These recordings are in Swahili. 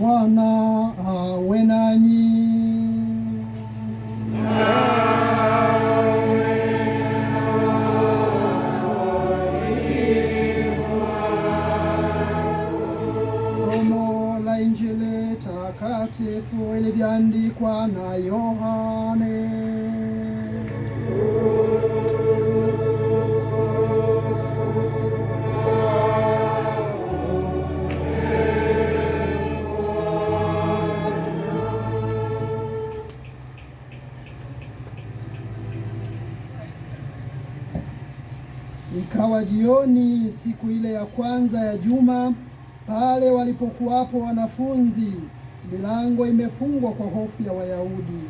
Bwana awe nanyi. Somo la Injili takatifu ilivyoandikwa na Yohane. Ikawa jioni siku ile ya kwanza ya juma, pale walipokuwapo wanafunzi, milango imefungwa kwa hofu ya Wayahudi.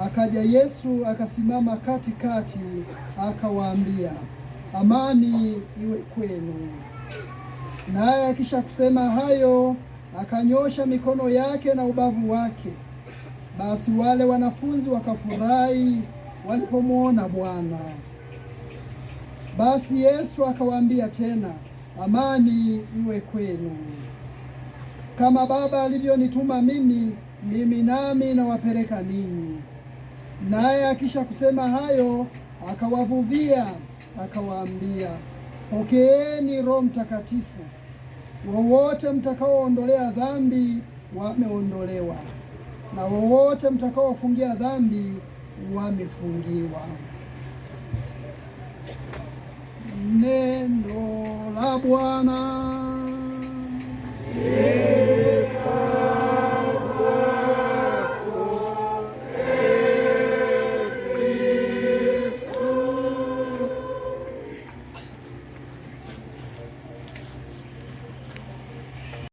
Akaja Yesu akasimama katikati, akawaambia, amani iwe kwenu. Naye akisha kusema hayo, akanyosha mikono yake na ubavu wake. Basi wale wanafunzi wakafurahi walipomwona Bwana. Basi Yesu akawaambia tena, amani iwe kwenu. Kama Baba alivyonituma mimi, mimi nami nawapeleka ninyi. Naye akisha kusema hayo, akawavuvia akawaambia, pokeeni Roho Mtakatifu. Wowote mtakaoondolea dhambi wameondolewa, na wowote mtakaofungia dhambi wamefungiwa. Nendo la buena